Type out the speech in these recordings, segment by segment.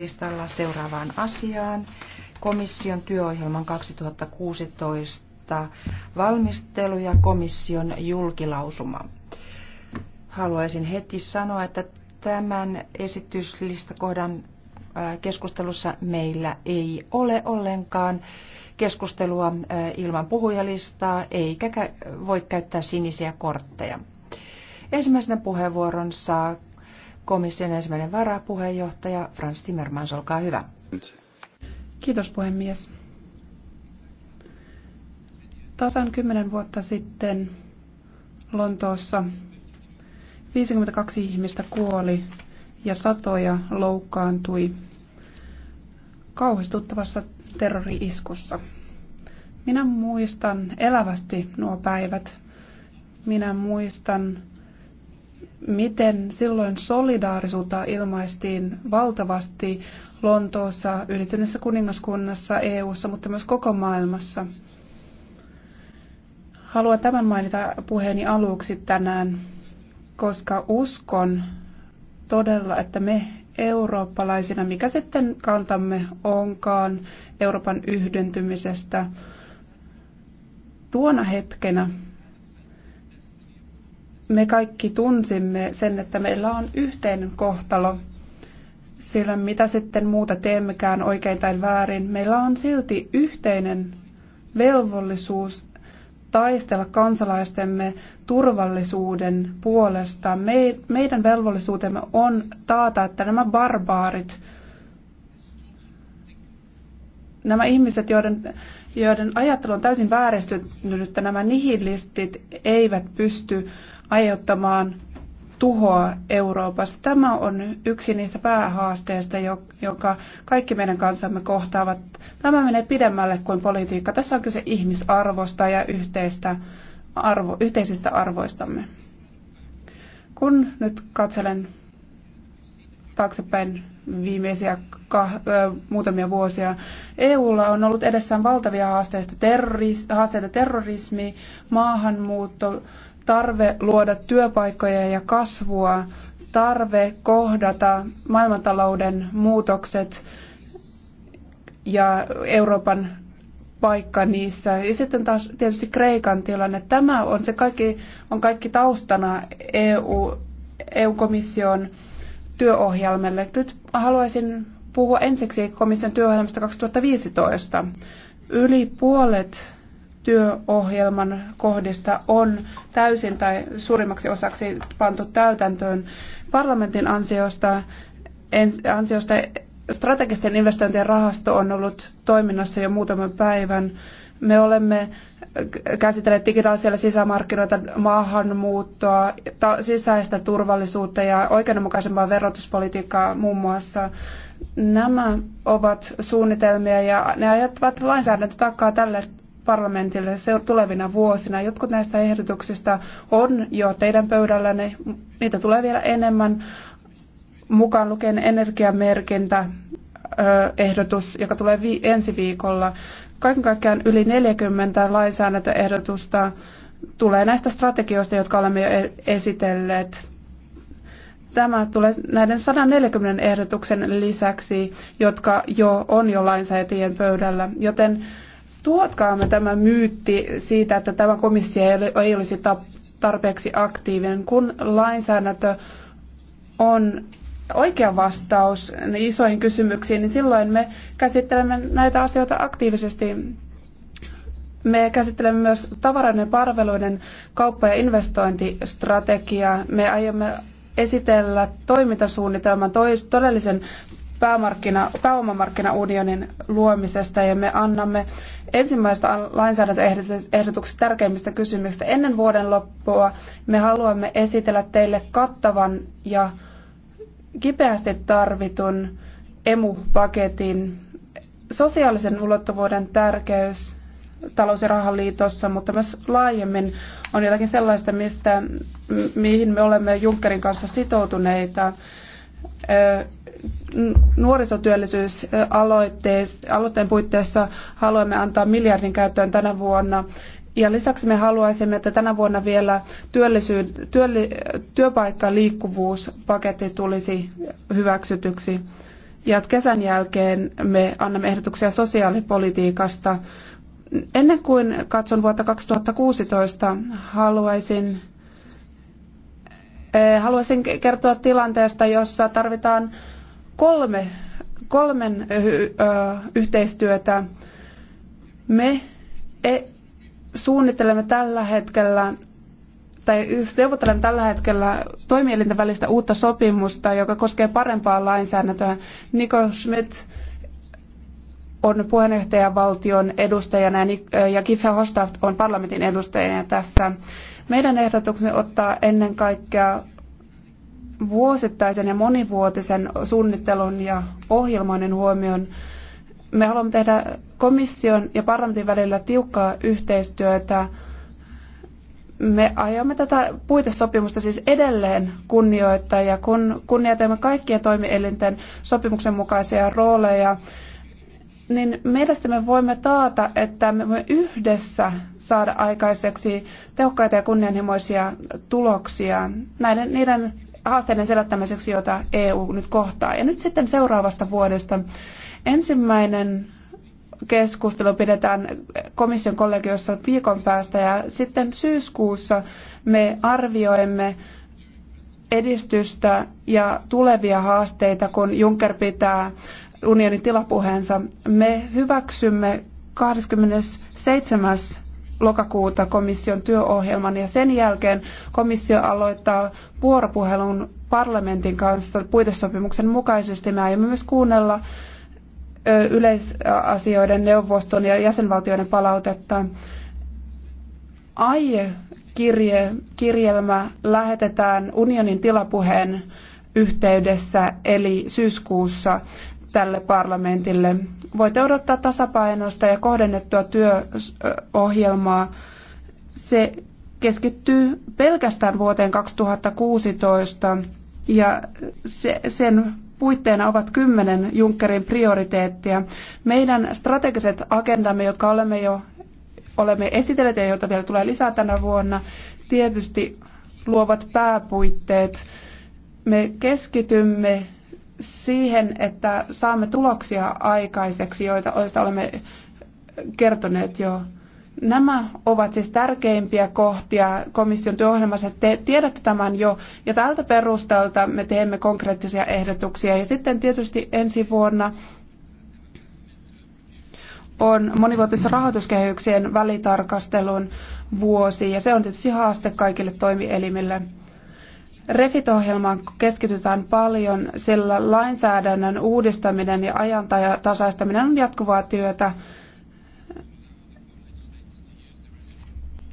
listalla seuraavaan asiaan. Komission työohjelman 2016 valmistelu ja komission julkilausuma. Haluaisin heti sanoa, että tämän esityslistakohdan keskustelussa meillä ei ole ollenkaan keskustelua ilman puhujalistaa eikä voi käyttää sinisiä kortteja. Ensimmäisenä puheenvuoron saa komission ensimmäinen varapuheenjohtaja Frans Timmermans, olkaa hyvä. Kiitos puhemies. Tasan kymmenen vuotta sitten Lontoossa 52 ihmistä kuoli ja satoja loukkaantui kauhistuttavassa terrori-iskussa. Minä muistan elävästi nuo päivät. Minä muistan miten silloin solidaarisuutta ilmaistiin valtavasti Lontoossa, Yhdistyneessä kuningaskunnassa, EU:ssa, mutta myös koko maailmassa. Haluan tämän mainita puheeni aluksi tänään, koska uskon todella, että me eurooppalaisina, mikä sitten kantamme onkaan Euroopan yhdentymisestä, tuona hetkenä me kaikki tunsimme sen, että meillä on yhteinen kohtalo. Sillä mitä sitten muuta teemmekään oikein tai väärin, meillä on silti yhteinen velvollisuus taistella kansalaistemme turvallisuuden puolesta. Me, meidän velvollisuutemme on taata, että nämä barbaarit, nämä ihmiset, joiden, joiden ajattelu on täysin vääristynyt, että nämä nihilistit eivät pysty aiheuttamaan tuhoa Euroopassa. Tämä on yksi niistä päähaasteista, joka kaikki meidän kansamme kohtaavat. Tämä menee pidemmälle kuin politiikka. Tässä on kyse ihmisarvosta ja yhteistä arvo, yhteisistä arvoistamme. Kun nyt katselen taaksepäin viimeisiä kah, ö, muutamia vuosia. EUlla on ollut edessään valtavia haasteita, terroris, haasteita terrorismi, maahanmuutto, tarve luoda työpaikkoja ja kasvua, tarve kohdata maailmantalouden muutokset ja Euroopan paikka niissä. Ja sitten taas tietysti Kreikan tilanne. Tämä on se kaikki, on kaikki taustana EU, EU-komission työohjelmalle. Nyt haluaisin puhua ensiksi komission työohjelmasta 2015. Yli puolet työohjelman kohdista on täysin tai suurimmaksi osaksi pantu täytäntöön parlamentin ansiosta, ansiosta strategisten investointien rahasto on ollut toiminnassa jo muutaman päivän. Me olemme käsitelleet digitaalisia sisämarkkinoita, maahanmuuttoa, sisäistä turvallisuutta ja oikeudenmukaisempaa verotuspolitiikkaa muun muassa. Nämä ovat suunnitelmia ja ne ajattavat lainsäädäntötakkaa tälle parlamentille tulevina vuosina. Jotkut näistä ehdotuksista on jo teidän pöydällänne, niitä tulee vielä enemmän mukaan lukien energiamerkintä, ehdotus, joka tulee vi- ensi viikolla. Kaiken kaikkiaan yli 40 lainsäädäntöehdotusta tulee näistä strategioista, jotka olemme jo e-, esitelleet. Tämä tulee näiden 140 ehdotuksen lisäksi, jotka jo on jo lainsäätäjien pöydällä, joten tuotkaamme tämä myytti siitä, että tämä komissio ei olisi tarpeeksi aktiivinen, kun lainsäädäntö on oikea vastaus isoihin kysymyksiin, niin silloin me käsittelemme näitä asioita aktiivisesti. Me käsittelemme myös tavaroiden ja palveluiden kauppa- ja investointistrategiaa. Me aiomme esitellä toimintasuunnitelman todellisen pääomamarkkina, pääomamarkkinaunionin luomisesta ja me annamme ensimmäistä lainsäädäntöehdotukset tärkeimmistä kysymyksistä. Ennen vuoden loppua me haluamme esitellä teille kattavan ja kipeästi tarvitun emu-paketin sosiaalisen ulottuvuuden tärkeys talous- ja rahaliitossa, mutta myös laajemmin on jotakin sellaista, mistä, mihin me olemme Junckerin kanssa sitoutuneita nuorisotyöllisyysaloitteen puitteissa haluamme antaa miljardin käyttöön tänä vuonna. Ja lisäksi me haluaisimme, että tänä vuonna vielä työllisyyd, työli, työpaikkaliikkuvuuspaketti tulisi hyväksytyksi. Ja kesän jälkeen me annamme ehdotuksia sosiaalipolitiikasta. Ennen kuin katson vuotta 2016, haluaisin eh, haluaisin kertoa tilanteesta, jossa tarvitaan kolme, kolmen ö, yhteistyötä. Me e, suunnittelemme tällä hetkellä tai neuvottelemme tällä hetkellä toimielinten välistä uutta sopimusta, joka koskee parempaa lainsäädäntöä. Niko Schmidt on valtion edustajana ja Kiffe Hostaft on parlamentin edustajana tässä. Meidän ehdotuksemme ottaa ennen kaikkea vuosittaisen ja monivuotisen suunnittelun ja ohjelmoinnin huomioon. Me haluamme tehdä komission ja parlamentin välillä tiukkaa yhteistyötä. Me aiomme tätä puitesopimusta siis edelleen kunnioittaa ja kun kunnioitamme kaikkien toimielinten sopimuksen mukaisia rooleja, niin me voimme taata, että me voimme yhdessä saada aikaiseksi tehokkaita ja kunnianhimoisia tuloksia näiden, niiden haasteiden selättämiseksi, joita EU nyt kohtaa. Ja nyt sitten seuraavasta vuodesta ensimmäinen keskustelu pidetään komission kollegiossa viikon päästä ja sitten syyskuussa me arvioimme edistystä ja tulevia haasteita, kun Juncker pitää unionin tilapuheensa. Me hyväksymme 27 lokakuuta komission työohjelman ja sen jälkeen komissio aloittaa vuoropuhelun parlamentin kanssa puitesopimuksen mukaisesti. Me aiomme myös kuunnella yleisasioiden neuvoston ja jäsenvaltioiden palautetta. Aie kirje, kirjelmä lähetetään unionin tilapuheen yhteydessä eli syyskuussa tälle parlamentille. Voitte odottaa tasapainosta ja kohdennettua työohjelmaa. Se keskittyy pelkästään vuoteen 2016 ja se, sen puitteena ovat kymmenen Junckerin prioriteettia. Meidän strategiset agendamme, jotka olemme jo olemme esitelleet ja joita vielä tulee lisää tänä vuonna, tietysti luovat pääpuitteet. Me keskitymme siihen, että saamme tuloksia aikaiseksi, joita, joista olemme kertoneet jo. Nämä ovat siis tärkeimpiä kohtia komission työohjelmassa. Te tiedätte tämän jo ja tältä perustalta me teemme konkreettisia ehdotuksia. Ja sitten tietysti ensi vuonna on monivuotisten rahoituskehyksien välitarkastelun vuosi ja se on tietysti haaste kaikille toimielimille. Refit-ohjelmaan keskitytään paljon, sillä lainsäädännön uudistaminen ja ajantasaistaminen on jatkuvaa työtä.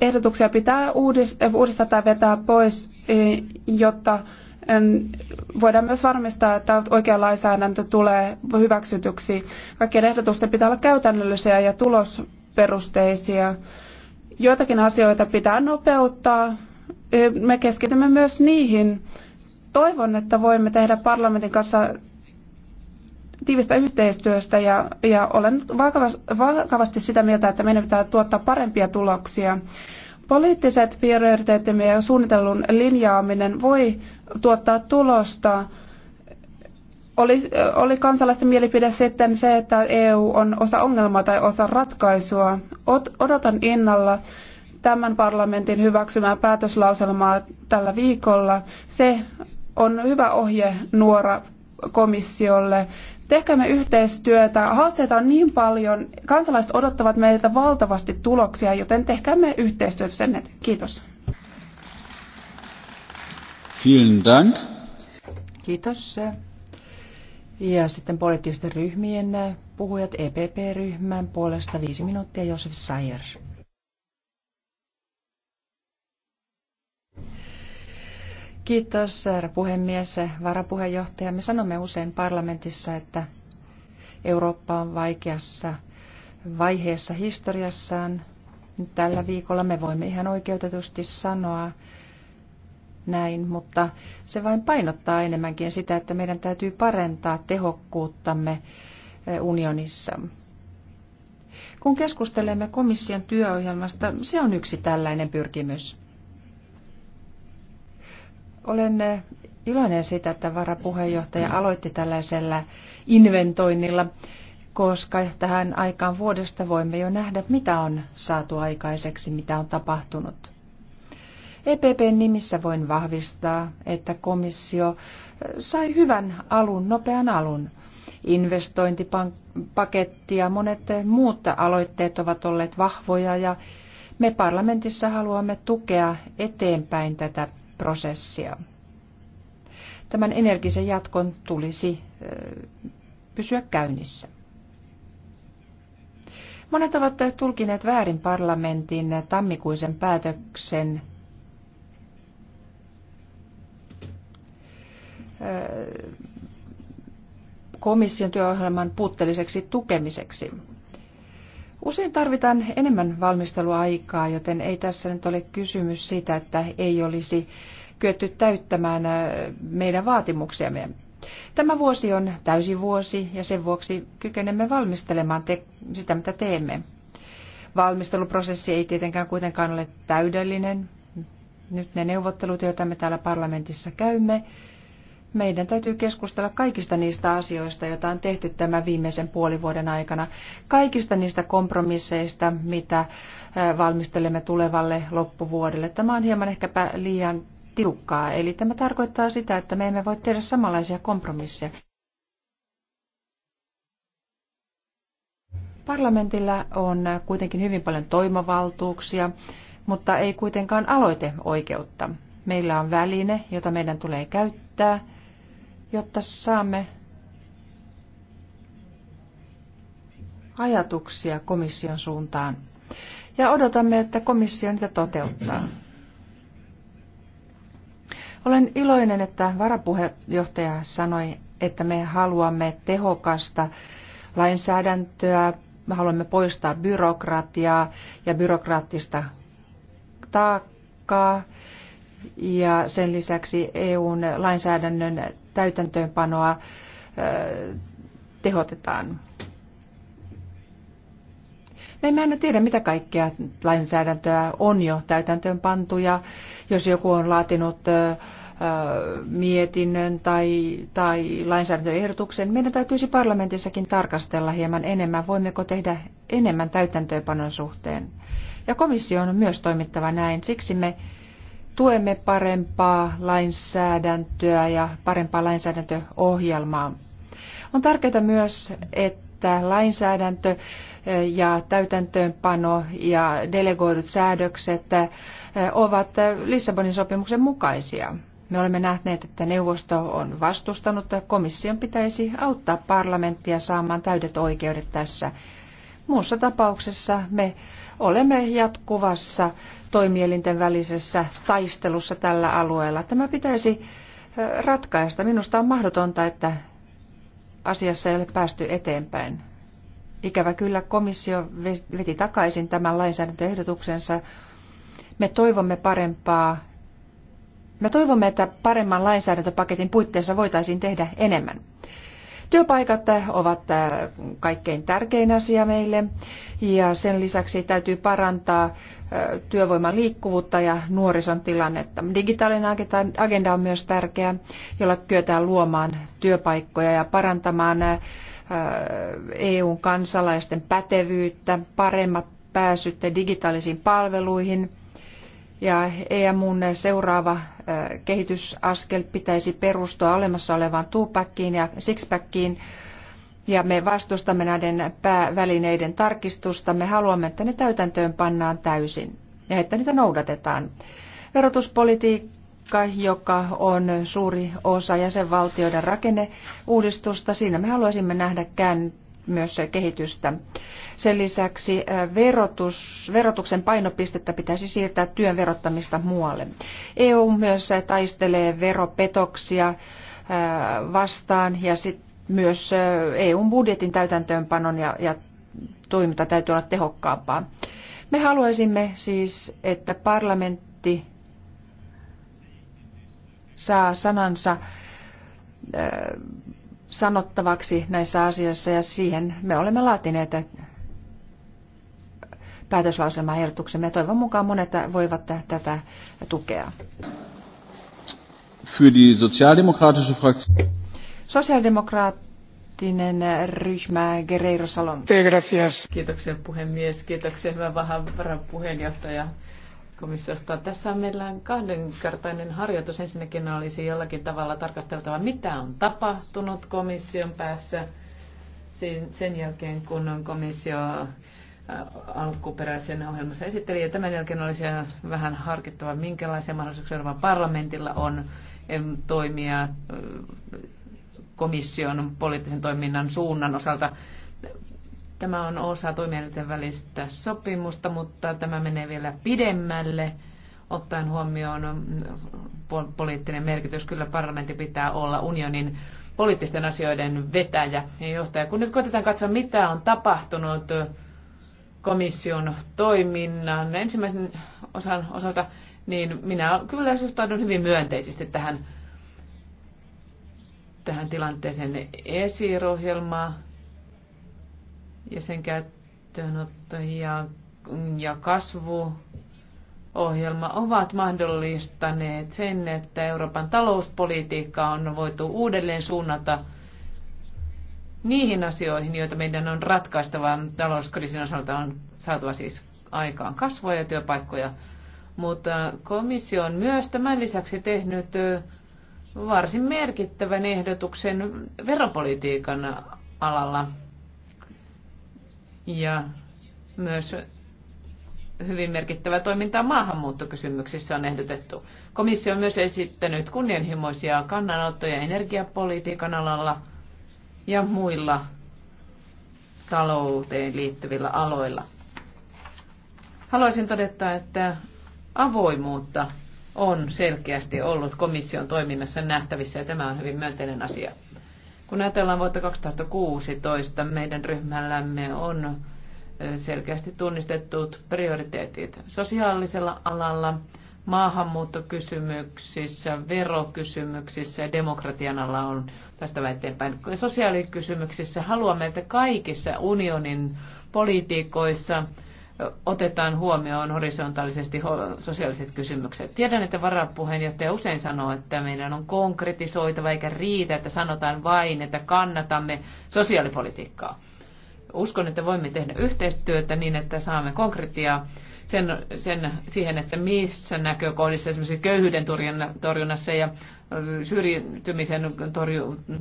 Ehdotuksia pitää uudistaa tai vetää pois, e, jotta voidaan myös varmistaa, että oikea lainsäädäntö tulee hyväksytyksi. Kaikkien ehdotusten pitää olla käytännöllisiä ja tulosperusteisia. Joitakin asioita pitää nopeuttaa, me keskitymme myös niihin. Toivon, että voimme tehdä parlamentin kanssa tiivistä yhteistyöstä ja, ja olen vakavasti sitä mieltä, että meidän pitää tuottaa parempia tuloksia. Poliittiset prioriteettimme ja suunnitelun linjaaminen voi tuottaa tulosta. Oli, oli kansalaisten mielipide sitten se, että EU on osa ongelmaa tai osa ratkaisua. Odotan innolla tämän parlamentin hyväksymää päätöslauselmaa tällä viikolla. Se on hyvä ohje nuora komissiolle. Tehkäämme yhteistyötä. Haasteita on niin paljon. Kansalaiset odottavat meiltä valtavasti tuloksia, joten tehkäämme yhteistyötä sen eteen. Kiitos. Vielen Dank. Kiitos. Ja sitten poliittisten ryhmien puhujat EPP-ryhmän puolesta viisi minuuttia Josef Sayer. Kiitos, herra puhemies, varapuheenjohtaja. Me sanomme usein parlamentissa, että Eurooppa on vaikeassa vaiheessa historiassaan. Tällä viikolla me voimme ihan oikeutetusti sanoa näin, mutta se vain painottaa enemmänkin sitä, että meidän täytyy parentaa tehokkuuttamme unionissa. Kun keskustelemme komission työohjelmasta, se on yksi tällainen pyrkimys. Olen eh, iloinen siitä, että varapuheenjohtaja aloitti tällaisella inventoinnilla, koska tähän aikaan vuodesta voimme jo nähdä, mitä on saatu aikaiseksi, mitä on tapahtunut. EPPn nimissä voin vahvistaa, että komissio eh, sai hyvän alun, nopean alun. Investointipaketti ja monet eh, muut aloitteet ovat olleet vahvoja ja me parlamentissa haluamme tukea eteenpäin tätä prosessia. Tämän energisen jatkon tulisi pysyä käynnissä. Monet ovat tulkineet väärin parlamentin tammikuisen päätöksen komission työohjelman puutteelliseksi tukemiseksi. Usein tarvitaan enemmän valmisteluaikaa, joten ei tässä nyt ole kysymys siitä, että ei olisi kyetty täyttämään äh, meidän vaatimuksiamme. Tämä vuosi on täysi vuosi ja sen vuoksi kykenemme valmistelemaan te- sitä, mitä teemme. Valmisteluprosessi ei tietenkään kuitenkaan ole täydellinen. Nyt ne neuvottelut, joita me täällä parlamentissa käymme, meidän täytyy keskustella kaikista niistä asioista, joita on tehty tämän viimeisen puolen vuoden aikana, kaikista niistä kompromisseista, mitä valmistelemme tulevalle loppuvuodelle. Tämä on hieman ehkäpä liian tiukkaa, eli tämä tarkoittaa sitä, että me emme voi tehdä samanlaisia kompromisseja. Parlamentilla on kuitenkin hyvin paljon toimavaltuuksia, mutta ei kuitenkaan aloiteoikeutta. Meillä on väline, jota meidän tulee käyttää jotta saamme ajatuksia komission suuntaan. Ja odotamme, että komissio niitä toteuttaa. Olen iloinen, että varapuheenjohtaja sanoi, että me haluamme tehokasta lainsäädäntöä, me haluamme poistaa byrokratiaa ja byrokraattista taakkaa. Ja sen lisäksi EUn lainsäädännön täytäntöönpanoa tehotetaan. Me emme aina tiedä, mitä kaikkea lainsäädäntöä on jo täytäntöön ja jos joku on laatinut mietinnön tai, tai lainsäädäntöehdotuksen, meidän täytyisi parlamentissakin tarkastella hieman enemmän, voimmeko tehdä enemmän täytäntöönpanon suhteen. Ja komissio on myös toimittava näin, siksi me tuemme parempaa lainsäädäntöä ja parempaa lainsäädäntöohjelmaa. On tärkeää myös, että lainsäädäntö eh, ja täytäntöönpano ja delegoidut säädökset eh, ovat Lissabonin sopimuksen mukaisia. Me olemme nähneet, että neuvosto on vastustanut, että komission pitäisi auttaa parlamenttia saamaan täydet oikeudet tässä Muussa tapauksessa me olemme jatkuvassa toimielinten välisessä taistelussa tällä alueella. Tämä pitäisi ratkaista. Minusta on mahdotonta, että asiassa ei ole päästy eteenpäin. Ikävä kyllä komissio veti takaisin tämän lainsäädäntöehdotuksensa. Me toivomme parempaa. Me toivomme, että paremman lainsäädäntöpaketin puitteissa voitaisiin tehdä enemmän. Työpaikat ovat äh, kaikkein tärkein asia meille ja sen lisäksi täytyy parantaa äh, työvoiman liikkuvuutta ja nuorison tilannetta. Digitaalinen agenda on myös tärkeä, jolla kyetään luomaan työpaikkoja ja parantamaan äh, EUn kansalaisten pätevyyttä, paremmat pääsyt digitaalisiin palveluihin – ja EMUn seuraava kehitysaskel pitäisi perustua olemassa olevaan tuupäkkiin ja sixpackiin. Ja me vastustamme näiden päävälineiden tarkistusta. Me haluamme, että ne täytäntöön pannaan täysin ja että niitä noudatetaan. Verotuspolitiikka, joka on suuri osa jäsenvaltioiden rakenneuudistusta, siinä me haluaisimme nähdä myös kehitystä. Sen lisäksi verotus, verotuksen painopistettä pitäisi siirtää työn verottamista muualle. EU myös taistelee veropetoksia vastaan ja sit myös EUn budjetin täytäntöönpanon ja, ja toiminta täytyy olla tehokkaampaa. Me haluaisimme siis, että parlamentti saa sanansa sanottavaksi näissä asioissa ja siihen me olemme laatineet päätöslauselmaehdotuksemme ja toivon mukaan monet voivat tätä tukea. Für die sozialdemokratische Fraktion. Sosiaalidemokraattinen ryhmä Guerreiro Salon. Kiitoksia puhemies, kiitoksia hyvä varapuheenjohtaja komissiosta. Tässä on meillä kahdenkertainen harjoitus. Ensinnäkin olisi jollakin tavalla tarkasteltava, mitä on tapahtunut komission päässä sen jälkeen, kun on komissio äh, alkuperäisen ohjelmassa esitteli. Ja tämän jälkeen olisi vähän harkittava, minkälaisia mahdollisuuksia Euroopan parlamentilla on toimia äh, komission poliittisen toiminnan suunnan osalta Tämä on osa toimielinten välistä sopimusta, mutta tämä menee vielä pidemmälle ottaen huomioon mm, poliittinen merkitys. Kyllä parlamentti pitää olla unionin poliittisten asioiden vetäjä ja johtaja. Kun nyt koitetaan katsoa, mitä on tapahtunut komission toiminnan ensimmäisen osan osalta, niin minä kyllä suhtaudun hyvin myönteisesti tähän, tähän tilanteeseen esirohjelmaa ja sen käyttöönotto ja, ja kasvu ohjelma ovat mahdollistaneet sen, että Euroopan talouspolitiikka on voitu uudelleen suunnata niihin asioihin, joita meidän on ratkaistava talouskriisin osalta on saatava siis aikaan kasvua ja työpaikkoja. Mutta komissio on myös tämän lisäksi tehnyt varsin merkittävän ehdotuksen veropolitiikan alalla ja myös hyvin merkittävä toiminta maahanmuuttokysymyksissä on ehdotettu. Komissio on myös esittänyt kunnianhimoisia kannanottoja energiapolitiikan alalla ja muilla talouteen liittyvillä aloilla. Haluaisin todeta, että avoimuutta on selkeästi ollut komission toiminnassa nähtävissä ja tämä on hyvin myönteinen asia. Kun ajatellaan vuotta 2016, meidän ryhmällämme on selkeästi tunnistetut prioriteetit sosiaalisella alalla, maahanmuuttokysymyksissä, verokysymyksissä ja demokratian alla on tästä eteenpäin. Sosiaalikysymyksissä haluamme, että kaikissa unionin politiikoissa otetaan huomioon horisontaalisesti sosiaaliset kysymykset. Tiedän, että varapuheenjohtaja usein sanoo, että meidän on konkretisoitava eikä riitä, että sanotaan vain, että kannatamme sosiaalipolitiikkaa. Uskon, että voimme tehdä yhteistyötä niin, että saamme konkretiaa sen, sen, siihen, että missä näkökohdissa esimerkiksi köyhyyden torjunnassa ja syrjintymisen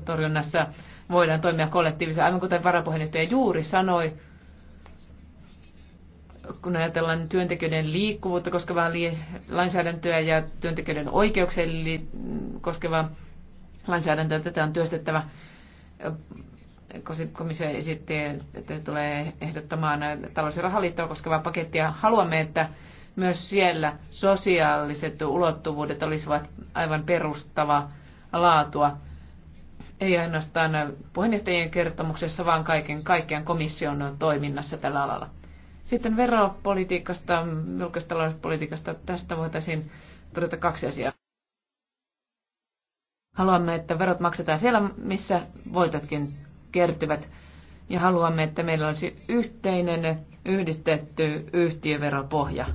torjunnassa voidaan toimia kollektiivisesti. Aivan kuten varapuheenjohtaja juuri sanoi, kun ajatellaan työntekijöiden liikkuvuutta koskevaa lainsäädäntöä ja työntekijöiden oikeuksia koskevaa lainsäädäntöä, tätä on työstettävä. Komissio esitti, että tulee ehdottamaan talous- ja rahaliittoa koskevaa pakettia. Haluamme, että myös siellä sosiaaliset ulottuvuudet olisivat aivan perustava laatua. Ei ainoastaan puheenjohtajien kertomuksessa, vaan kaiken kaikkiaan komission toiminnassa tällä alalla. Sitten veropolitiikasta, talouspolitiikasta, tästä voitaisiin todeta kaksi asiaa. Haluamme, että verot maksetaan siellä, missä voitotkin kertyvät. Ja haluamme, että meillä olisi yhteinen yhdistetty yhtiöveropohja.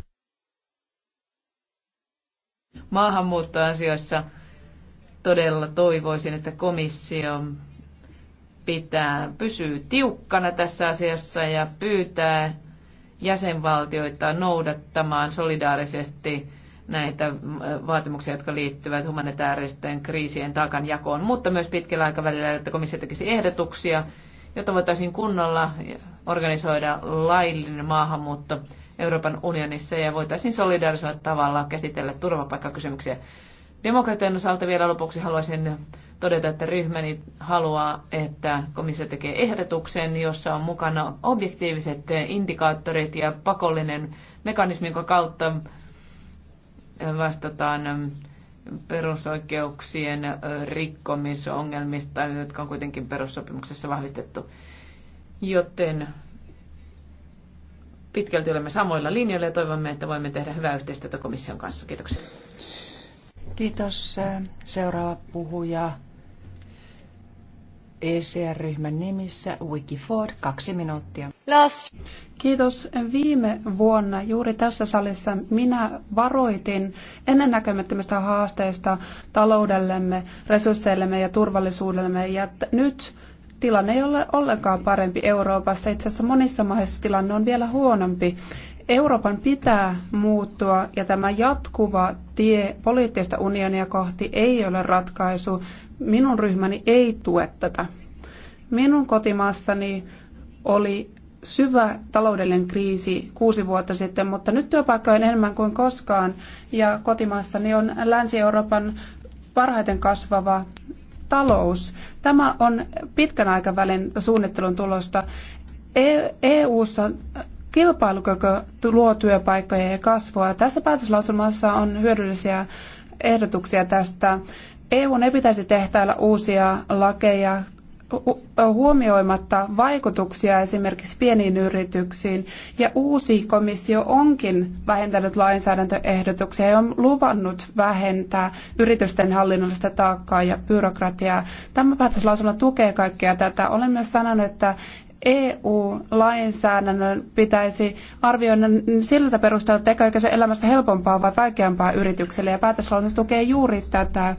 Maahanmuuttoasioissa todella toivoisin, että komissio pitää, pysyy tiukkana tässä asiassa ja pyytää jäsenvaltioita noudattamaan solidaarisesti näitä äh, vaatimuksia, jotka liittyvät humanitaaristen kriisien taakanjakoon, mutta myös pitkällä aikavälillä, että komissio tekisi ehdotuksia, jotta voitaisiin kunnolla organisoida laillinen maahanmuutto Euroopan unionissa ja voitaisiin solidarisoida tavalla käsitellä turvapaikkakysymyksiä. Demokratian osalta vielä lopuksi haluaisin todeta, että ryhmäni haluaa, että komissio tekee ehdotuksen, jossa on mukana objektiiviset indikaattorit ja pakollinen mekanismi, jonka kautta vastataan perusoikeuksien rikkomisongelmista, jotka on kuitenkin perussopimuksessa vahvistettu. Joten pitkälti olemme samoilla linjoilla ja toivomme, että voimme tehdä hyvää yhteistyötä komission kanssa. Kiitoksia. Kiitos. Seuraava puhuja ECR-ryhmän nimissä Wiki Ford, kaksi minuuttia. Las. Kiitos. Viime vuonna juuri tässä salissa minä varoitin ennennäkemättömistä haasteista taloudellemme, resursseillemme ja turvallisuudellemme. Ja nyt tilanne ei ole ollenkaan parempi Euroopassa. Itse asiassa monissa maissa tilanne on vielä huonompi. Euroopan pitää muuttua ja tämä jatkuva tie poliittista unionia kohti ei ole ratkaisu. Minun ryhmäni ei tue tätä. Minun kotimaassani oli syvä taloudellinen kriisi kuusi vuotta sitten, mutta nyt työpaikkoja on enemmän kuin koskaan ja kotimaassani on Länsi-Euroopan parhaiten kasvava talous. Tämä on pitkän aikavälin suunnittelun tulosta. EU:ssa e Kilpailukyky luo työpaikkoja ja kasvua. Tässä päätöslauselmassa on hyödyllisiä ehdotuksia tästä. EU ei pitäisi tehtäillä uusia lakeja huomioimatta vaikutuksia esimerkiksi pieniin yrityksiin, ja uusi komissio onkin vähentänyt lainsäädäntöehdotuksia ja on luvannut vähentää yritysten hallinnollista taakkaa ja byrokratiaa. Tämä päätöslausuma tukee kaikkea tätä. Olen myös sanonut, että EU-lainsäädännön pitäisi arvioida siltä perusteella, että eikö se elämästä helpompaa vai vaikeampaa yritykselle. Ja päätöslauselma tukee juuri tätä.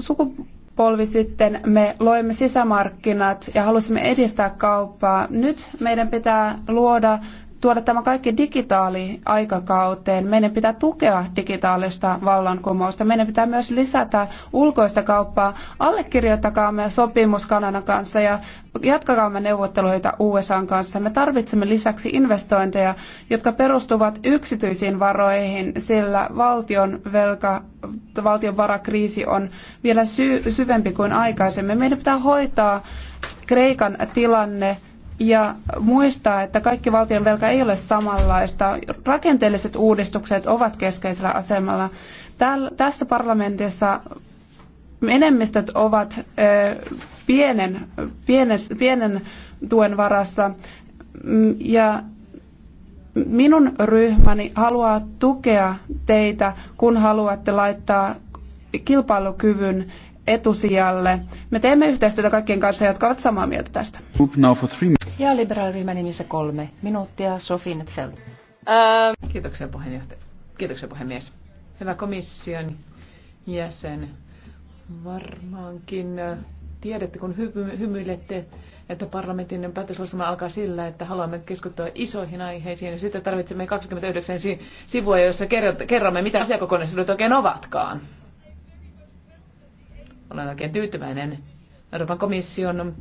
Sukupolvi sitten me loimme sisämarkkinat ja halusimme edistää kauppaa. Nyt meidän pitää luoda tuoda tämä kaikki digitaaliaikakauteen. Meidän pitää tukea digitaalista vallankumousta. Meidän pitää myös lisätä ulkoista kauppaa. Allekirjoittakaamme sopimus Kanadan kanssa ja me neuvotteluita USAn kanssa. Me tarvitsemme lisäksi investointeja, jotka perustuvat yksityisiin varoihin, sillä valtion velka, valtion varakriisi on vielä syvempi kuin aikaisemmin. Meidän pitää hoitaa Kreikan tilanne ja muistaa, että kaikki valtion velka ei ole samanlaista. Rakenteelliset uudistukset ovat keskeisellä asemalla. tässä parlamentissa enemmistöt ovat pienen, pienen, pienen tuen varassa mm, ja minun ryhmäni haluaa tukea teitä, kun haluatte laittaa kilpailukyvyn etusijalle. Me teemme yhteistyötä kaikkien kanssa, jotka ovat samaa mieltä tästä. Ja liberaaliryhmä nimissä kolme minuuttia, Sofi Netfeld. Um. Kiitoksia, puheenjohtaja. Kiitoksia puhemies. Hyvä komission jäsen. Varmaankin äh, tiedätte, kun hy- hymyilette, että parlamentin päätöslausuma alkaa sillä, että haluamme keskittyä isoihin aiheisiin ja sitten tarvitsemme 29 sivua, joissa kerromme, mitä asiakokonaisuudet oikein ovatkaan. Olen oikein tyytyväinen Euroopan komission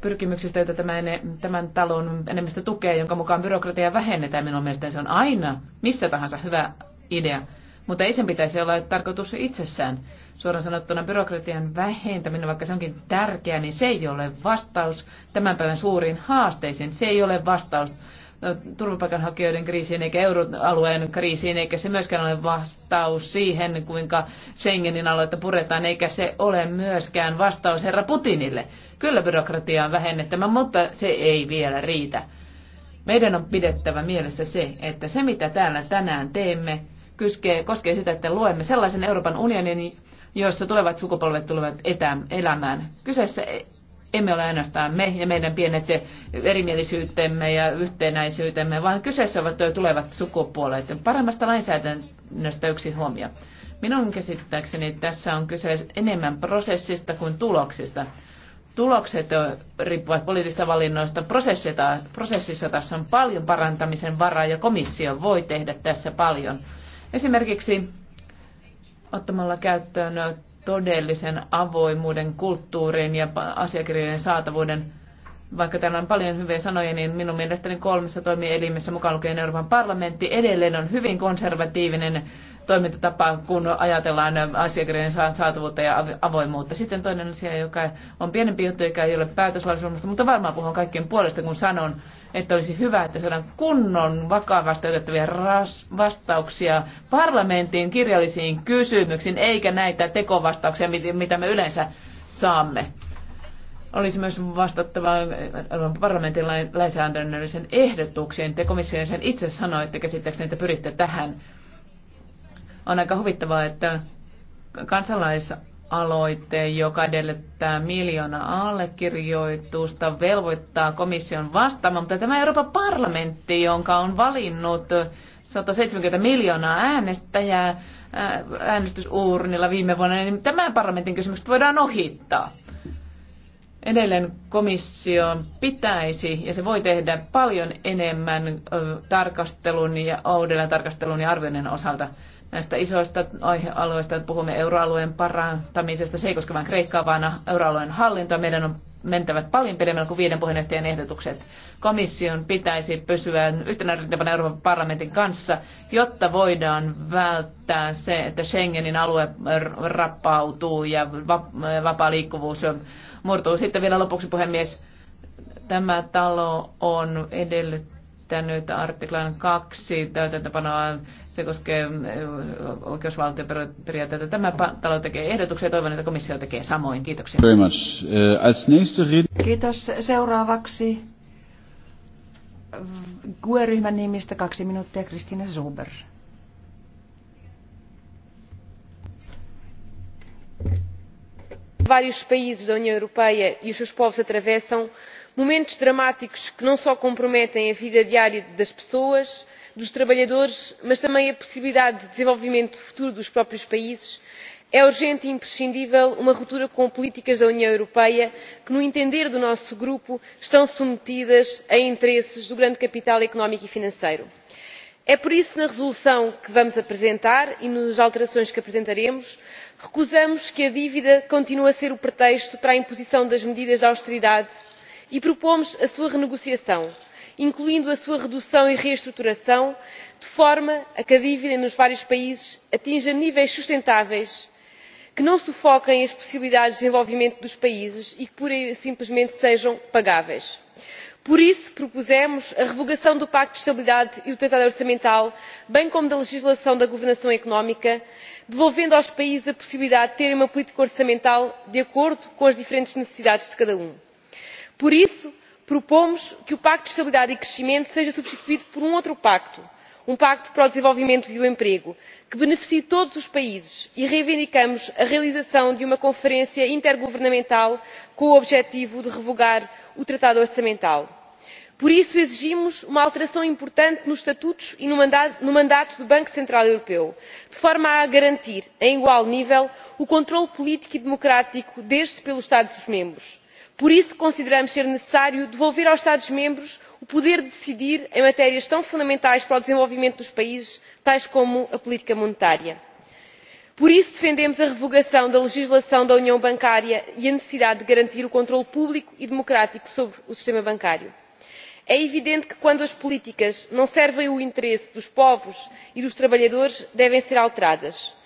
pyrkimyksistä, joita tämän, tämän talon enemmistö tukee, jonka mukaan byrokratiaa vähennetään. Minun mielestäni se on aina missä tahansa hyvä idea, mutta ei sen pitäisi olla tarkoitus itsessään. Suoraan sanottuna byrokratian vähentäminen, vaikka se onkin tärkeää, niin se ei ole vastaus tämän päivän suuriin haasteisiin. Se ei ole vastaus turvapaikanhakijoiden kriisiin eikä euroalueen kriisiin, eikä se myöskään ole vastaus siihen, kuinka Schengenin aloitta puretaan, eikä se ole myöskään vastaus herra Putinille. Kyllä byrokratia on vähennettävä, mutta se ei vielä riitä. Meidän on pidettävä mielessä se, että se mitä täällä tänään teemme, kyskee, koskee sitä, että luemme sellaisen Euroopan unionin, jossa tulevat sukupolvet tulevat etä, elämään. Kyseessä emme ole ainoastaan me ja meidän pienet erimielisyytemme ja yhtenäisyytemme, vaan kyseessä ovat tulevat sukupuolet. Paremmasta lainsäädännöstä yksi huomio. Minun käsittääkseni tässä on kyse enemmän prosessista kuin tuloksista. Tulokset riippuvat poliittisista valinnoista. Prosessissa, prosessissa tässä on paljon parantamisen varaa ja komissio voi tehdä tässä paljon. Esimerkiksi ottamalla käyttöön todellisen avoimuuden kulttuurin ja asiakirjojen saatavuuden. Vaikka täällä on paljon hyviä sanoja, niin minun mielestäni kolmessa toimielimessä mukaan lukien Euroopan parlamentti edelleen on hyvin konservatiivinen toimintatapa, kun ajatellaan asiakirjojen saatavuutta ja avoimuutta. Sitten toinen asia, joka on pienempi juttu, joka ei ole päätöslauselmasta, mutta varmaan puhun kaikkien puolesta, kun sanon, että olisi hyvä, että saadaan kunnon vakavasti otettavia ras- vastauksia parlamentin kirjallisiin kysymyksiin, eikä näitä tekovastauksia, mitä me yleensä saamme. Olisi myös vastattava parlamentin lainsäädännöllisen ehdotuksiin. Te komissio sen itse sanoitte, käsittääkseni, että pyritte tähän on aika huvittavaa, että kansalaisaloite, joka edellyttää miljoona allekirjoitusta, velvoittaa komission vastaamaan, mutta tämä Euroopan parlamentti, jonka on valinnut 170 miljoonaa äänestäjää äänestysuurnilla viime vuonna, niin tämän parlamentin kysymykset voidaan ohittaa. Edelleen komission pitäisi, ja se voi tehdä paljon enemmän tarkastelun ja oudella tarkastelun ja arvioinnin osalta näistä isoista aihealueista. Puhumme euroalueen parantamisesta. Se ei koske vain Kreikkaa, vaan euroalueen hallintoa. Meidän on mentävät paljon pidemmälle kuin viiden puheenjohtajan ehdotukset. Komission pitäisi pysyä yhtenä rintamana Euroopan parlamentin kanssa, jotta voidaan välttää se, että Schengenin alue rappautuu ja vapaa liikkuvuus murtuu. Sitten vielä lopuksi puhemies, tämä talo on edellyttänyt esittänyt artiklan kaksi täytäntöpanoa. Se koskee äh, oikeusvaltioperiaatteita. Tämä talo tekee ehdotuksia ja toivon, että komissio tekee samoin. Kiitoksia. Äh, Kiitos. Seuraavaksi GUE-ryhmän nimistä kaksi minuuttia Kristina Zuber. vários países da união europeia e os seus povos atravessam momentos dramáticos que não só comprometem a vida diária das pessoas dos trabalhadores mas também a possibilidade de desenvolvimento futuro dos próprios países é urgente e imprescindível uma ruptura com políticas da união europeia que no entender do nosso grupo estão submetidas a interesses do grande capital económico e financeiro é por isso que na resolução que vamos apresentar e nas alterações que apresentaremos recusamos que a dívida continue a ser o pretexto para a imposição das medidas de austeridade e propomos a sua renegociação incluindo a sua redução e reestruturação de forma a que a dívida nos vários países atinja níveis sustentáveis que não sufoquem as possibilidades de desenvolvimento dos países e que pura e simplesmente sejam pagáveis por isso propusemos a revogação do pacto de estabilidade e do tratado orçamental bem como da legislação da governação económica devolvendo aos países a possibilidade de terem uma política orçamental de acordo com as diferentes necessidades de cada um. por isso propomos que o pacto de estabilidade e crescimento seja substituído por um outro pacto um pacto para o desenvolvimento e o um emprego que beneficie todos os países e reivindicamos a realização de uma conferência intergovernamental com o objetivo de revogar o tratado orçamental. por isso exigimos uma alteração importante nos estatutos e no, no mandato do banco central europeu de forma a garantir em igual nível o controle político e democrático deste pelos estados membros por isso consideramos ser necessário devolver aos estados membros o poder de decidir em matérias tão fundamentais para o desenvolvimento dos países tais como a política monetária. por isso defendemos a revogação da legislação da união bancária e a necessidade de garantir o controle público e democrático sobre o sistema bancário. é evidente que quando as políticas não servem o interesse dos povos e dos trabalhadores devem ser alteradas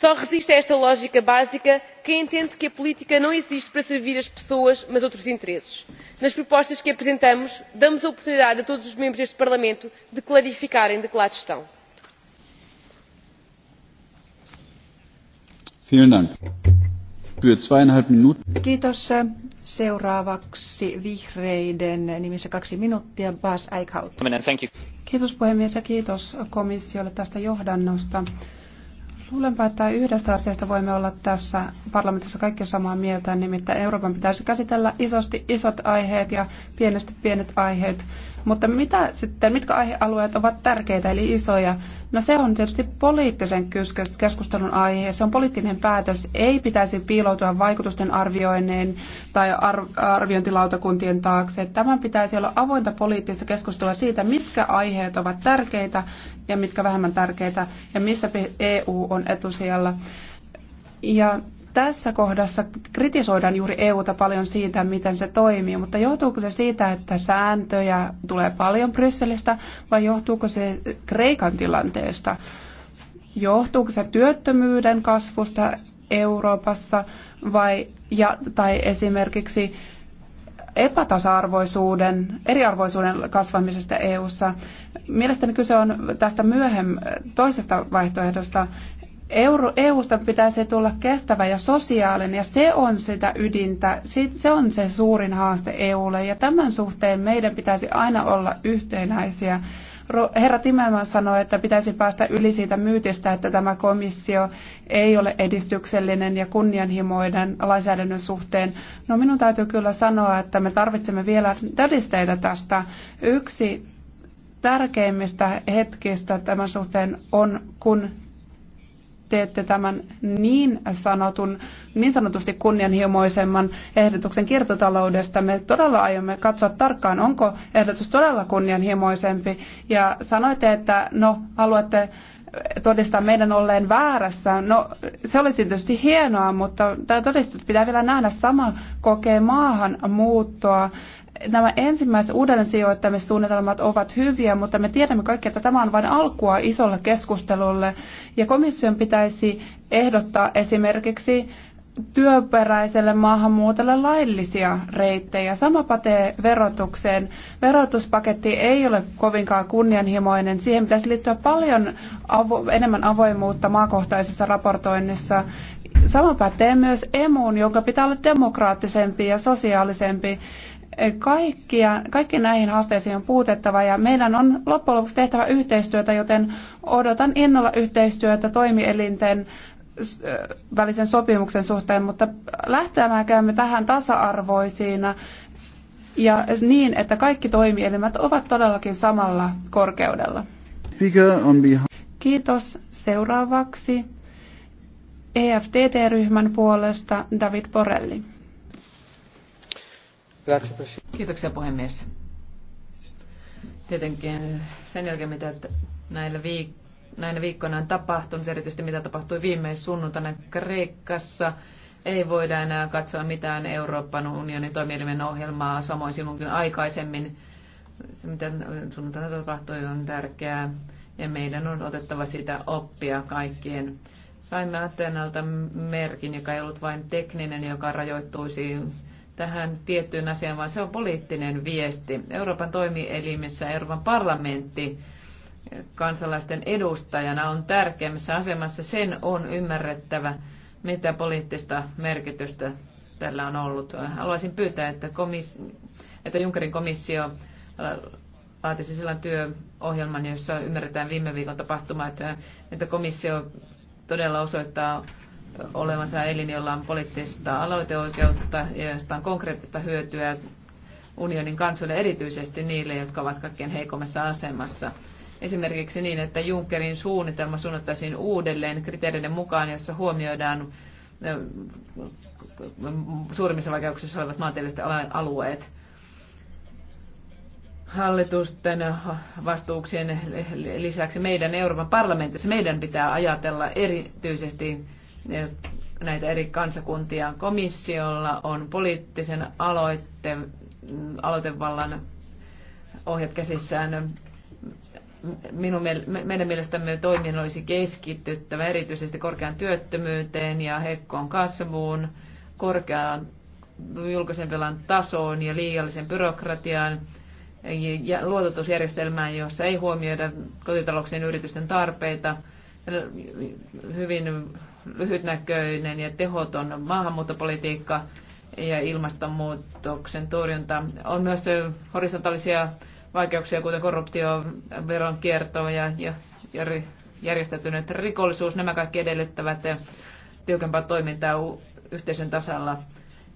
só resiste a esta lógica básica quem entende que a política não existe para servir as pessoas mas outros interesses. nas propostas que apresentamos damos a oportunidade a todos os membros deste parlamento de clarificarem de que lado estão. Kiitos. Seuraavaksi vihreiden nimissä kaksi minuuttia Bas Eichhout. Kiitos puhemies ja kiitos komissiolle tästä johdannosta. Luulenpa, että yhdestä asiasta voimme olla tässä parlamentissa kaikki samaa mieltä, nimittäin Euroopan pitäisi käsitellä isosti isot aiheet ja pienesti pienet aiheet. Mutta mitä sitten, mitkä aihealueet ovat tärkeitä eli isoja? No se on tietysti poliittisen keskustelun aihe, se on poliittinen päätös. Ei pitäisi piiloutua vaikutusten arvioinnin tai arviointilautakuntien taakse. Tämän pitäisi olla avointa poliittista keskustelua siitä, mitkä aiheet ovat tärkeitä ja mitkä vähemmän tärkeitä ja missä EU on etusijalla. Ja tässä kohdassa kritisoidaan juuri EUta paljon siitä, miten se toimii, mutta johtuuko se siitä, että sääntöjä tulee paljon Brysselistä vai johtuuko se Kreikan tilanteesta? Johtuuko se työttömyyden kasvusta Euroopassa vai, ja, tai esimerkiksi epätasa-arvoisuuden, eriarvoisuuden kasvamisesta EU:ssa. Mielestäni kyse on tästä myöhemmin toisesta vaihtoehdosta. Euro, EUsta pitäisi tulla kestävä ja sosiaalinen, ja se on sitä ydintä, se on se suurin haaste EUlle, ja tämän suhteen meidän pitäisi aina olla yhtenäisiä. Herra Timmermans sanoi, että pitäisi päästä yli siitä myytistä, että tämä komissio ei ole edistyksellinen ja kunnianhimoinen lainsäädännön suhteen. No minun täytyy kyllä sanoa, että me tarvitsemme vielä todisteita tästä. Yksi tärkeimmistä hetkistä tämän suhteen on, kun teette tämän niin, sanotun, niin sanotusti kunnianhimoisemman ehdotuksen kiertotaloudesta. Me todella aiomme katsoa tarkkaan, onko ehdotus todella kunnianhimoisempi. Ja sanoitte, että no, haluatte todistaa meidän olleen väärässä. No, se olisi tietysti hienoa, mutta tämä todistus pitää vielä nähdä sama kokee maahanmuuttoa. muuttoa nämä ensimmäiset uuden sijoittamissuunnitelmat ovat hyviä, mutta me tiedämme kaikki, että tämä on vain alkua isolle keskustelulle. Ja komission pitäisi ehdottaa esimerkiksi työperäiselle maahanmuutolle laillisia reittejä. Sama pätee verotukseen. Verotuspaketti ei ole kovinkaan kunnianhimoinen. Siihen pitäisi liittyä paljon avo- enemmän avoimuutta maakohtaisessa raportoinnissa. Sama pätee myös emuun, jonka pitää olla demokraattisempi ja sosiaalisempi. Kaikkia, kaikki näihin haasteisiin on puutettava ja meidän on loppujen lopuksi tehtävä yhteistyötä, joten odotan innolla yhteistyötä toimielinten välisen sopimuksen suhteen, mutta käymme tähän tasa-arvoisina ja niin, että kaikki toimielimet ovat todellakin samalla korkeudella. Kiitos. Seuraavaksi EFTT-ryhmän puolesta David Borelli. Kiitoksia puhemies. Tietenkin sen jälkeen, mitä näillä viik- näinä viikkoina on tapahtunut, erityisesti mitä tapahtui viime sunnuntaina Kreikassa, ei voida enää katsoa mitään Euroopan unionin toimielimen ohjelmaa samoin silloin kuin aikaisemmin. Se, mitä sunnuntaina tapahtui, on tärkeää ja meidän on otettava sitä oppia kaikkien. Saimme Atenalta merkin, joka ei ollut vain tekninen, joka rajoittuisi tähän tiettyyn asiaan, vaan se on poliittinen viesti. Euroopan toimielimissä Euroopan parlamentti kansalaisten edustajana on tärkeimmässä asemassa. Sen on ymmärrettävä, mitä poliittista merkitystä tällä on ollut. Haluaisin pyytää, että, komis- että Junckerin komissio laatisi sellainen työohjelman, jossa ymmärretään viime viikon tapahtumat, että komissio todella osoittaa olevansa elin, jolla on poliittista aloiteoikeutta ja josta on konkreettista hyötyä unionin kansalle erityisesti niille, jotka ovat kaikkein heikommassa asemassa. Esimerkiksi niin, että Junckerin suunnitelma suunnattaisiin uudelleen kriteereiden mukaan, jossa huomioidaan suurimmissa vaikeuksissa olevat maantieteelliset alueet. Hallitusten vastuuksien lisäksi meidän Euroopan parlamentissa meidän pitää ajatella erityisesti näitä eri kansakuntia. Komissiolla on poliittisen aloitte, aloitevallan ohjat käsissään. Minun, meidän mielestämme toimien olisi keskityttävä erityisesti korkean työttömyyteen ja heikkoon kasvuun, korkean julkisen velan tasoon ja liiallisen byrokratiaan ja luototusjärjestelmään, jossa ei huomioida kotitalouksien yritysten tarpeita, hyvin lyhytnäköinen ja tehoton maahanmuuttopolitiikka ja ilmastonmuutoksen torjunta. On myös horisontaalisia vaikeuksia, kuten korruptio, veronkierto ja, järjestäytynyt rikollisuus. Nämä kaikki edellyttävät tiukempaa toimintaa yhteisön tasalla.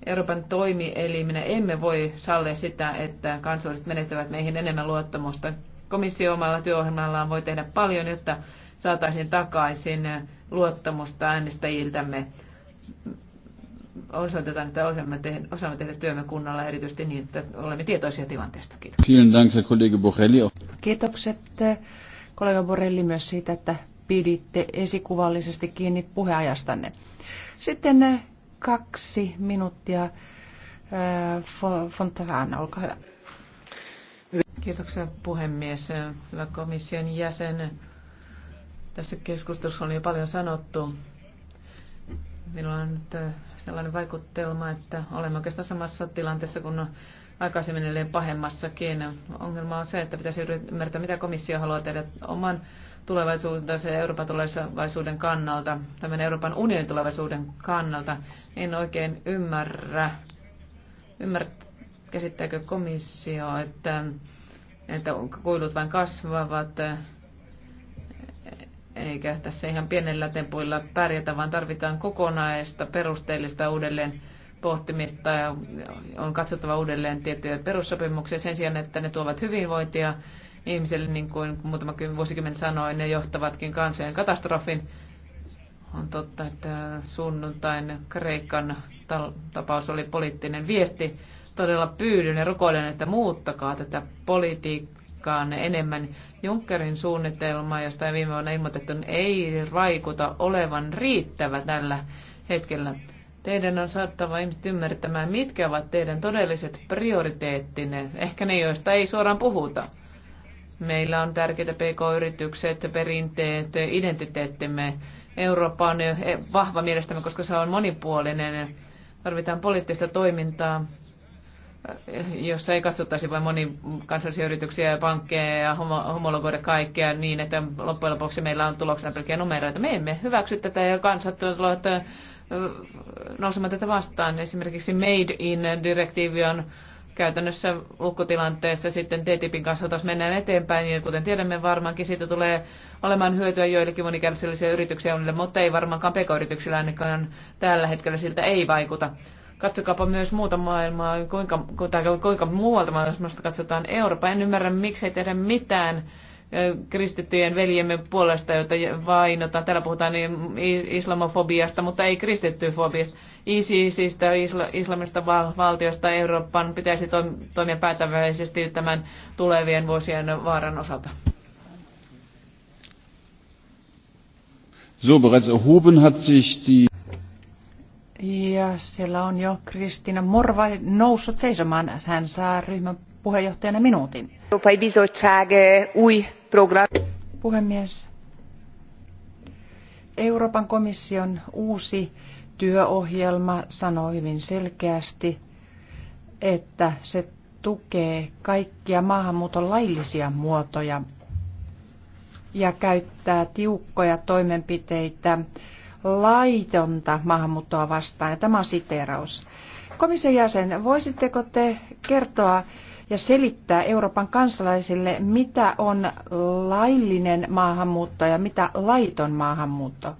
Euroopan toimieliminä emme voi sallia sitä, että kansalaiset menettävät meihin enemmän luottamusta. Komissio omalla työohjelmallaan voi tehdä paljon, jotta saataisiin takaisin luottamusta äänestäjiltämme. Osoitetaan, että osaamme tehdä, osaamme tehdä työmme kunnalla erityisesti niin, että olemme tietoisia tilanteesta. Kiitos. Kiitokset kollega Borelli myös siitä, että piditte esikuvallisesti kiinni puheajastanne. Sitten eh, kaksi minuuttia. Eh, Fontaran, olkaa hyvä. Kiitoksia puhemies. Hyvä komission jäsen. Tässä keskustelussa on jo paljon sanottu. Minulla on nyt äh, sellainen vaikutelma, että olemme oikeastaan samassa tilanteessa kuin aikaisemmin, eli pahemmassakin. Ongelma on se, että pitäisi ymmärtää, mitä komissio haluaa tehdä oman tulevaisuutensa ja Euroopan tulevaisuuden kannalta, tämän Euroopan unionin tulevaisuuden kannalta. En oikein ymmärrä, ymmärrä käsittääkö komissio, että, että kuilut vain kasvavat, eikä tässä ihan pienellä tempuilla pärjätä, vaan tarvitaan kokonaista perusteellista uudelleen pohtimista ja on katsottava uudelleen tiettyjä perussopimuksia sen sijaan, että ne tuovat hyvinvointia ihmiselle, niin kuin muutama vuosikymmen sanoin, ne johtavatkin kansojen katastrofin. On totta, että sunnuntain Kreikan tapaus oli poliittinen viesti. Todella pyydyn ja rukoilen, että muuttakaa tätä politiikkaa koskaan enemmän. Junckerin suunnitelma, josta viime vuonna ilmoitettu, ei vaikuta olevan riittävä tällä hetkellä. Teidän on saattava ihmiset ymmärtämään, mitkä ovat teidän todelliset prioriteettinne, ehkä ne, joista ei suoraan puhuta. Meillä on tärkeitä pk-yritykset, perinteet, identiteettimme. Eurooppa on eh, vahva mielestämme, koska se on monipuolinen. Tarvitaan poliittista toimintaa, jossa ei katsottaisi vain monikansallisia yrityksiä ja pankkeja ja homologoida kaikkea niin, että loppujen lopuksi meillä on tuloksena pelkkiä numeroita. Me emme hyväksy tätä ja kansat tulevat nousemaan tätä vastaan. Esimerkiksi Made in-direktiivi on käytännössä lukkotilanteessa sitten TTIPin kanssa taas mennään eteenpäin. Ja kuten tiedämme, varmaankin siitä tulee olemaan hyötyä joillekin monikärsillisille yrityksille, mutta ei varmaankaan pk-yrityksillä ainakaan tällä hetkellä siltä ei vaikuta katsokaapa myös muuta maailmaa, kuinka, kuinka muualta maailmasta katsotaan Eurooppa. En ymmärrä, miksei tehdä mitään kristittyjen veljemme puolesta, joita vainotaan. Täällä puhutaan islamofobiasta, mutta ei kristittyfobiasta. ISISistä, isla, islamista valtiosta Euroopan pitäisi toimia päätäväisesti tämän tulevien vuosien vaaran osalta. So, bereits erhoben hat sich die ja siellä on jo Kristina Morva noussut seisomaan. Hän saa ryhmän puheenjohtajana minuutin. Eh, Puhemies, Euroopan komission uusi työohjelma sanoo hyvin selkeästi, että se tukee kaikkia maahanmuuton laillisia muotoja ja käyttää tiukkoja toimenpiteitä laitonta maahanmuuttoa vastaan. Ja tämä on siteeraus. Komission jäsen, voisitteko te kertoa ja selittää Euroopan kansalaisille, mitä on laillinen maahanmuutto ja mitä laiton maahanmuutto?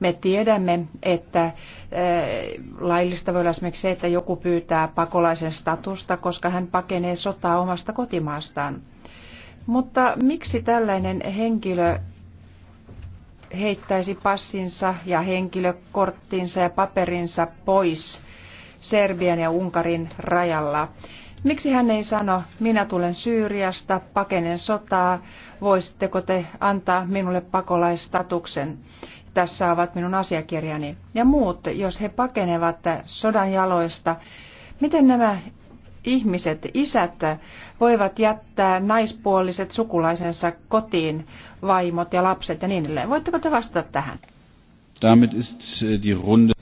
Me tiedämme, että eh, laillista voi olla esimerkiksi se, että joku pyytää pakolaisen statusta, koska hän pakenee sotaa omasta kotimaastaan. Mutta miksi tällainen henkilö heittäisi passinsa ja henkilökorttinsa ja paperinsa pois Serbian ja Unkarin rajalla. Miksi hän ei sano, minä tulen Syyriasta, pakenen sotaa, voisitteko te antaa minulle pakolaistatuksen? Tässä ovat minun asiakirjani. Ja muut, jos he pakenevat sodan jaloista, miten nämä ihmiset, isät, voivat jättää naispuoliset sukulaisensa kotiin, vaimot ja lapset ja niin edelleen. Voitteko te vastata tähän? Damit ist äh, die Runde.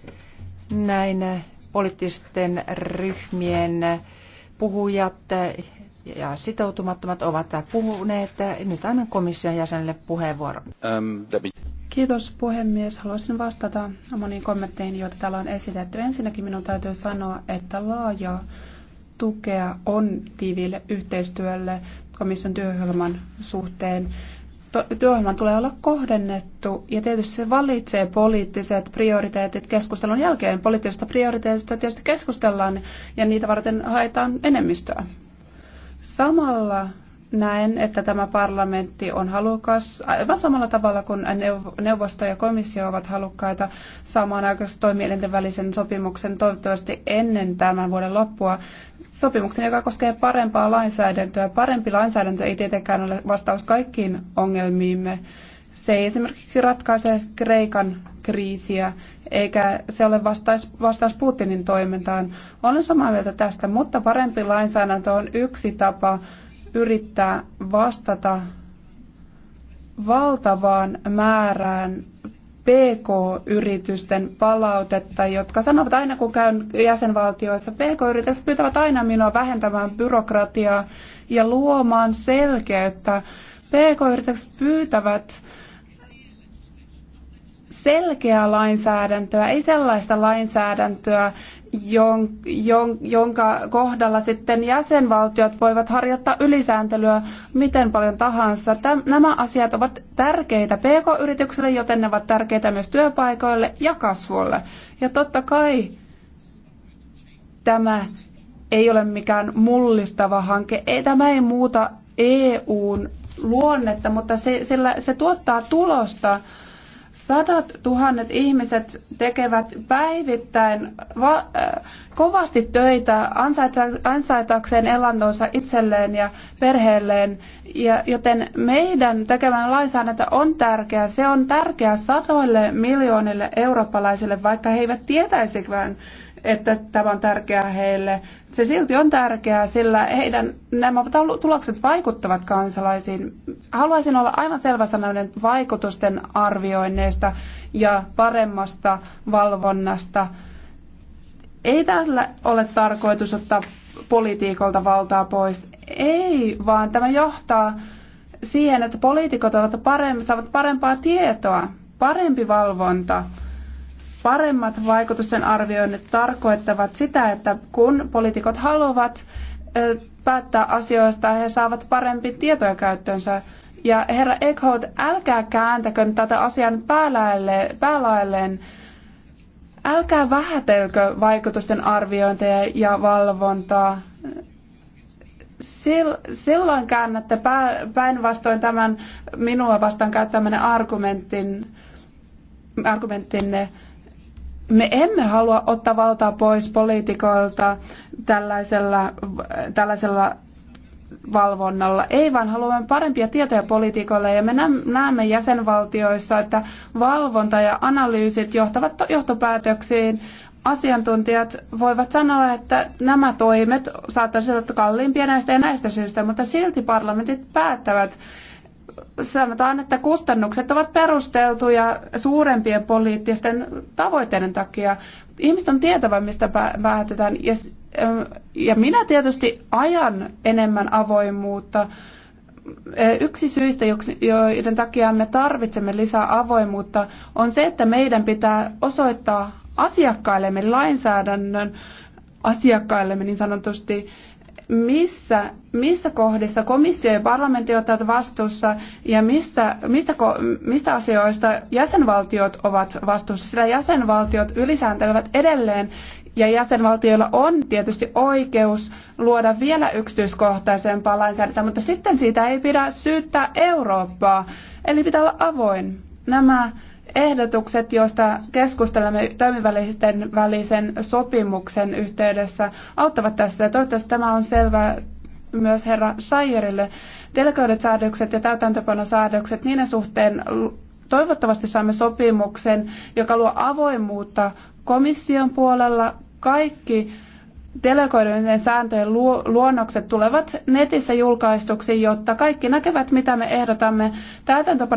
Näin äh, poliittisten ryhmien äh, puhujat ja sitoutumattomat ovat puhuneet. Nyt annan komission jäsenelle puheenvuoron. Ähm, Kiitos puhemies. Haluaisin vastata moniin kommentteihin, joita täällä on esitetty. Ensinnäkin minun täytyy sanoa, että laaja tukea on tiiviille yhteistyölle komission työohjelman suhteen. Työohjelman tulee olla kohdennettu ja tietysti se valitsee poliittiset prioriteetit keskustelun jälkeen. Poliittisista prioriteetista tietysti keskustellaan ja niitä varten haetaan enemmistöä. Samalla näen, että tämä parlamentti on halukas, aivan samalla tavalla kuin neuvosto ja komissio ovat halukkaita saamaan aikaisesti toimielinten välisen sopimuksen toivottavasti ennen tämän vuoden loppua sopimuksen, joka koskee parempaa lainsäädäntöä. Parempi lainsäädäntö ei tietenkään ole vastaus kaikkiin ongelmiimme. Se ei esimerkiksi ratkaise Kreikan kriisiä, eikä se ole vastaus, vastaus Putinin toimintaan. Olen samaa mieltä tästä, mutta parempi lainsäädäntö on yksi tapa yrittää vastata valtavaan määrään PK-yritysten palautetta, jotka sanovat aina kun käyn jäsenvaltioissa, PK-yritykset pyytävät aina minua vähentämään byrokratiaa ja luomaan selkeyttä. PK-yritykset pyytävät selkeää lainsäädäntöä, ei sellaista lainsäädäntöä, jonka kohdalla sitten jäsenvaltiot voivat harjoittaa ylisääntelyä miten paljon tahansa. nämä asiat ovat tärkeitä pk-yrityksille, joten ne ovat tärkeitä myös työpaikoille ja kasvulle. Ja totta kai tämä ei ole mikään mullistava hanke. Ei, tämä ei muuta EUn luonnetta, mutta se, sillä, se tuottaa tulosta Sadat tuhannet ihmiset tekevät päivittäin va- äh, kovasti töitä ansaitakseen elantonsa itselleen ja perheelleen, ja, joten meidän tekemään lainsäädäntö on tärkeä. Se on tärkeä sadoille miljoonille eurooppalaisille, vaikka he eivät tietäisikään että tämä on tärkeää heille. Se silti on tärkeää, sillä heidän nämä tulokset vaikuttavat kansalaisiin. Haluaisin olla aivan sanoinen vaikutusten arvioinneista ja paremmasta valvonnasta. Ei tällä ole tarkoitus ottaa politiikolta valtaa pois. Ei, vaan tämä johtaa siihen, että poliitikot ovat parempi, saavat parempaa tietoa, parempi valvonta – Paremmat vaikutusten arvioinnit tarkoittavat sitä, että kun poliitikot haluavat päättää asioista, he saavat parempi tietoja käyttöönsä. Ja herra Eckhout, älkää kääntäkö tätä asian päälaelleen. päälaelleen. Älkää vähätelkö vaikutusten arviointeja ja valvontaa. silloin käännätte päinvastoin tämän minua vastaan käyttämänne argumentin, argumenttinne me emme halua ottaa valtaa pois poliitikoilta tällaisella, tällaisella valvonnalla. Ei vaan haluamme parempia tietoja poliitikoille ja me näemme jäsenvaltioissa, että valvonta ja analyysit johtavat johtopäätöksiin. Asiantuntijat voivat sanoa, että nämä toimet saattaisivat olla kalliimpia näistä ja näistä syistä, mutta silti parlamentit päättävät sanotaan, että kustannukset ovat perusteltuja suurempien poliittisten tavoitteiden takia. Ihmiset on tietävä, mistä päätetään. Ja, ja minä tietysti ajan enemmän avoimuutta. E, yksi syistä, joiden takia me tarvitsemme lisää avoimuutta, on se, että meidän pitää osoittaa asiakkaillemme lainsäädännön asiakkaillemme niin sanotusti missä, missä kohdissa komissio ja parlamentti ovat vastuussa ja mistä, mistä, mistä asioista jäsenvaltiot ovat vastuussa, sillä jäsenvaltiot ylisääntelevät edelleen ja jäsenvaltioilla on tietysti oikeus luoda vielä yksityiskohtaisempaa lainsäädäntöä, mutta sitten siitä ei pidä syyttää Eurooppaa, eli pitää olla avoin. Nämä ehdotukset, joista keskustelemme toimivälisten välisen sopimuksen yhteydessä, auttavat tässä. ja Toivottavasti tämä on selvä myös herra Sayerille. Delegoidut säädökset ja täytäntöpanosäädökset, niiden suhteen toivottavasti saamme sopimuksen, joka luo avoimuutta komission puolella. Kaikki delegoiduiden sääntöjen luonnokset tulevat netissä julkaistuksi, jotta kaikki näkevät, mitä me ehdotamme.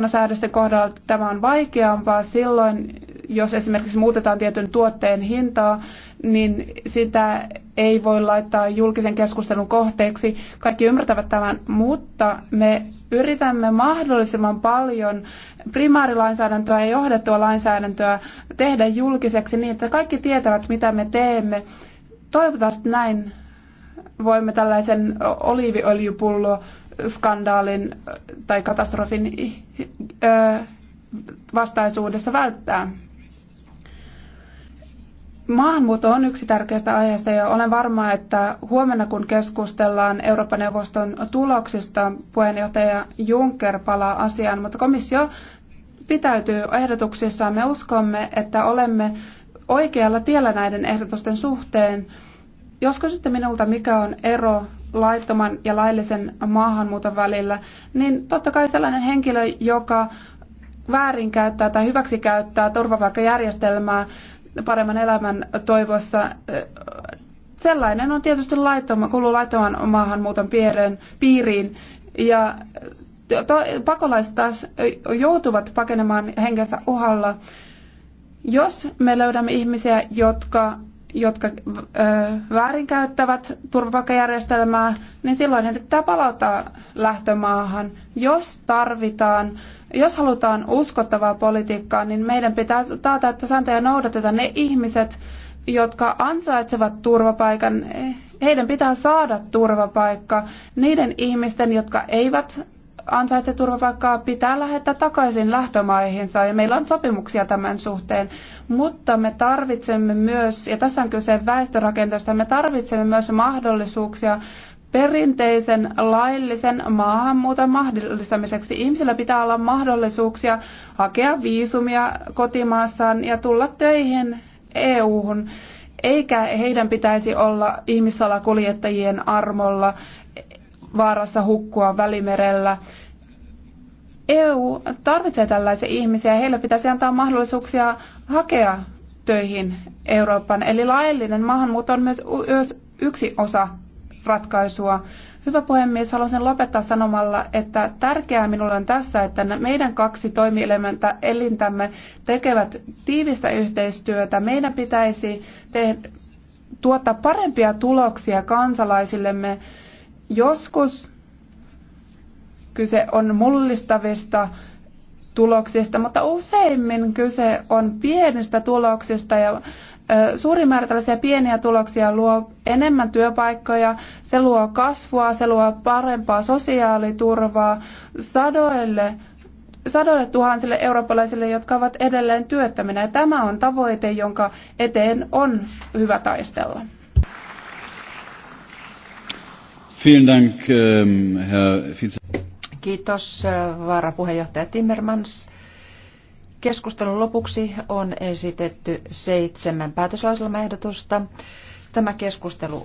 säädösten kohdalla tämä on vaikeampaa silloin, jos esimerkiksi muutetaan tietyn tuotteen hintaa, niin sitä ei voi laittaa julkisen keskustelun kohteeksi. Kaikki ymmärtävät tämän, mutta me yritämme mahdollisimman paljon primaarilainsäädäntöä ja johdettua lainsäädäntöä tehdä julkiseksi niin, että kaikki tietävät, mitä me teemme Toivottavasti näin voimme tällaisen oliiviöljypullo skandaalin tai katastrofin vastaisuudessa välttää. Maahanmuutto on yksi tärkeistä aiheista ja olen varma, että huomenna kun keskustellaan Euroopan neuvoston tuloksista, puheenjohtaja Juncker palaa asiaan, mutta komissio pitäytyy ehdotuksissaan. Me uskomme, että olemme oikealla tiellä näiden ehdotusten suhteen. Jos kysytte minulta, mikä on ero laittoman ja laillisen maahanmuuton välillä, niin totta kai sellainen henkilö, joka väärinkäyttää tai hyväksikäyttää turvapaikkajärjestelmää paremman elämän toivossa, eh, sellainen on tietysti laittoma, kuuluu laittoman maahanmuuton piiriin, piiriin ja eh, to, pakolaiset taas eh, joutuvat pakenemaan henkensä uhalla. Jos me löydämme ihmisiä, jotka, jotka ö, väärinkäyttävät turvapaikkajärjestelmää, niin silloin heidät pitää palata lähtömaahan. Jos tarvitaan, jos halutaan uskottavaa politiikkaa, niin meidän pitää taata, että sääntöjä noudatetaan ne ihmiset, jotka ansaitsevat turvapaikan, heidän pitää saada turvapaikka. Niiden ihmisten, jotka eivät ansaitse turvapaikkaa, pitää lähettää takaisin lähtömaihinsa ja meillä on sopimuksia tämän suhteen. Mutta me tarvitsemme myös, ja tässä on kyse väestörakenteesta, me tarvitsemme myös mahdollisuuksia perinteisen laillisen maahanmuuton mahdollistamiseksi. Ihmisillä pitää olla mahdollisuuksia hakea viisumia kotimaassaan ja tulla töihin EU-hun, eikä heidän pitäisi olla ihmissalakuljettajien armolla vaarassa hukkua välimerellä. EU tarvitsee tällaisia ihmisiä ja heille pitäisi antaa mahdollisuuksia hakea töihin Euroopan. Eli laillinen maahanmuutto on myös yksi osa ratkaisua. Hyvä puhemies, haluaisin lopettaa sanomalla, että tärkeää minulle on tässä, että meidän kaksi elintämme tekevät tiivistä yhteistyötä. Meidän pitäisi tehdä, tuottaa parempia tuloksia kansalaisillemme. Joskus Kyse on mullistavista tuloksista, mutta useimmin kyse on pienistä tuloksista ja suuri määrä tällaisia pieniä tuloksia luo enemmän työpaikkoja, se luo kasvua, se luo parempaa sosiaaliturvaa sadoille, sadoille tuhansille eurooppalaisille, jotka ovat edelleen työttöminä. Ja tämä on tavoite, jonka eteen on hyvä taistella. Vielen Dank, ähm, Herr Kiitos äh, varapuheenjohtaja Timmermans. Keskustelun lopuksi on esitetty seitsemän päätöslauselmaehdotusta. Tämä keskustelu